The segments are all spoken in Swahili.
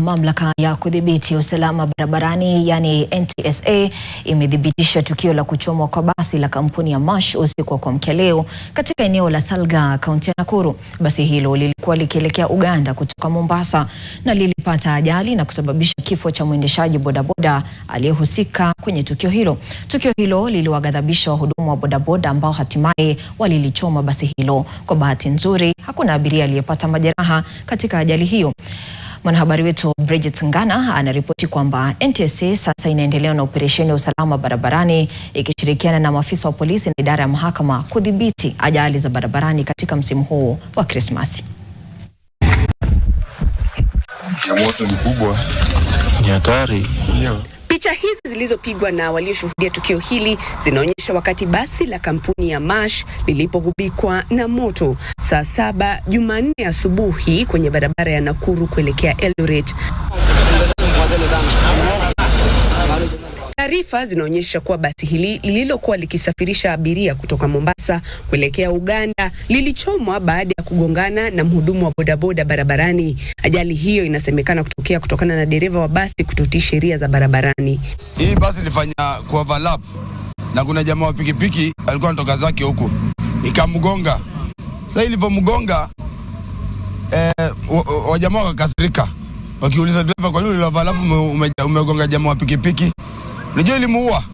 Mamlaka ya kudhibiti usalama barabarani yani NTSA imethibitisha tukio la kuchomwa kwa basi la kampuni ya mash usiku wa kuamkia leo katika eneo la salga kaunti ya Nakuru. Basi hilo lilikuwa likielekea Uganda kutoka Mombasa na lilipata ajali na kusababisha kifo cha mwendeshaji bodaboda aliyehusika kwenye tukio hilo. Tukio hilo liliwaghadhabisha wahudumu wa bodaboda ambao hatimaye walilichoma basi hilo. Kwa bahati nzuri, hakuna abiria aliyepata majeraha katika ajali hiyo. Mwanahabari wetu Bridget Ngana anaripoti kwamba NTSA sasa inaendelea na operesheni ya usalama barabarani ikishirikiana na maafisa wa polisi na idara ya mahakama kudhibiti ajali za barabarani katika msimu huu wa Krismasi. Moto ni kubwa, ni hatari. Picha hizi zilizopigwa na walioshuhudia tukio hili zinaonyesha wakati basi la kampuni ya Maersk lilipogubikwa na moto saa saba Jumanne asubuhi kwenye barabara ya Nakuru kuelekea Eldoret. Taarifa zinaonyesha kuwa basi hili lililokuwa likisafirisha abiria kutoka Mombasa kuelekea Uganda lilichomwa baada ya kugongana na mhudumu wa bodaboda barabarani. Ajali hiyo inasemekana kutokea kutokana na dereva wa basi kutotii sheria za barabarani. Hii basi ilifanya kuoverlap na kuna jamaa wa pikipiki alikuwa anatoka zake huko, ikamgonga. Sasa ilivyomgonga eh, wajamaa wakakasirika, wakiuliza driver, kwa nini uliloverlap umegonga ume, ume jamaa wa pikipiki? Unajua ilimuua.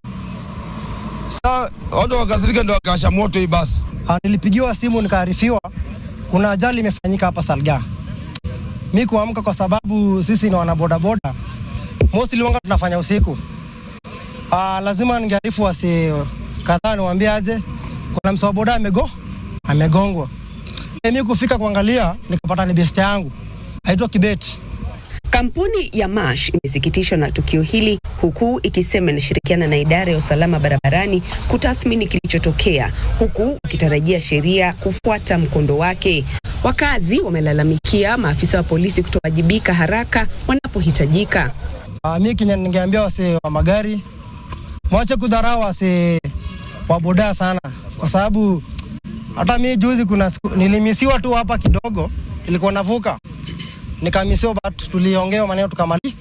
Sasa watu wakasirika, ndo wakasha moto hii basi. Ah, nilipigiwa simu nikaarifiwa kuna ajali imefanyika hapa Salga. Mi kuamka kwa sababu sisi ni wanabodaboda mostly wanga tunafanya usiku. Aa, ah, lazima ningearifu wasi kadhaa niwaambie aje kuna msawa boda amego amegongwa. Eh, mi kufika kuangalia nikapata ni besta yangu aitwa Kibeti. Kampuni ya Mash imesikitishwa na tukio hili huku ikisema inashirikiana na idara ya usalama barabarani kutathmini kilichotokea, huku wakitarajia sheria kufuata mkondo wake. Wakazi wamelalamikia maafisa wa polisi kutowajibika haraka wanapohitajika. Ah, mi kinye ningeambia wase wa magari mwache kudharau wase wa boda sana, kwa sababu hata mi juzi kuna nilimisiwa tu hapa kidogo, ilikuwa navuka nikamisiwa, but tuliongea maneno tukamali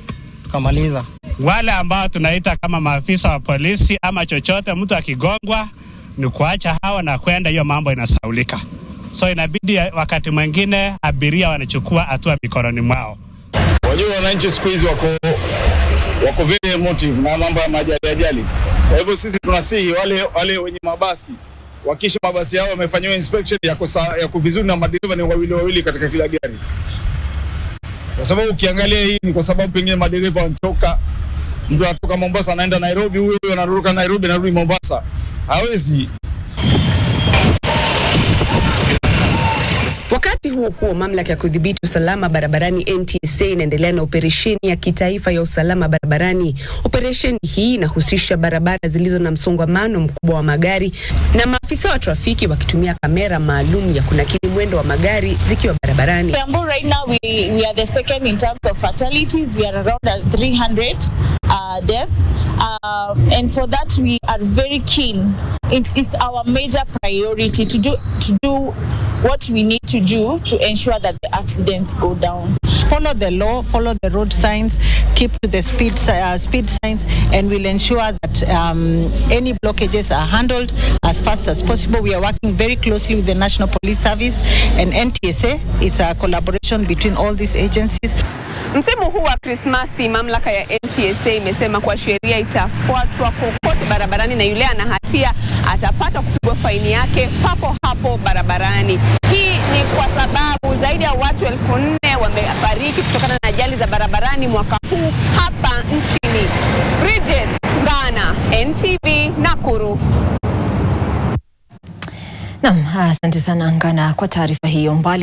tukamaliza wale ambao tunaita kama maafisa wa polisi ama chochote, mtu akigongwa ni kuacha hawa na kwenda, hiyo mambo inasaulika. So inabidi wakati mwingine abiria wanachukua hatua mikononi mwao. Wajua wananchi siku hizi wako wako very emotive na mambo ya majali ajali. Kwa hivyo sisi tunasihi wale wale wenye mabasi wakisha mabasi yao wamefanyiwa inspection ya yako ya kuvizuri na madereva ni wawili wawili katika kila gari, kwa sababu ukiangalia hii ni kwa sababu pengine madereva wanachoka mtu anatoka Mombasa anaenda Nairobi, huyo anaruka Nairobi anarudi Mombasa, hawezi Wakati huo huo, mamlaka ya kudhibiti usalama barabarani NTSA inaendelea na operesheni ya kitaifa ya usalama barabarani. Operesheni hii inahusisha barabara zilizo na msongamano mkubwa wa magari na maafisa wa trafiki wakitumia kamera maalum ya kunakili mwendo wa magari zikiwa barabarani what we need to do to ensure that the accidents go down. Follow the law, follow the road signs, keep to the speed, uh, speed signs, and we'll ensure that um, any blockages are handled as fast as possible. We are working very closely with the National Police Service and NTSA. It's a collaboration between all these agencies. Msimu huu wa Krismasi, mamlaka ya NTSA imesema kuwa sheria itafuatwa kokote barabarani na yule ana hatia atapata kupigwa faini yake papo hapo barabarani. Hii ni kwa sababu zaidi ya watu elfu nne wamefariki kutokana na ajali za barabarani mwaka huu hapa nchini. Bridget Ngana, NTV Nakuru. Naam, asante sana Ngana kwa taarifa hiyo mbali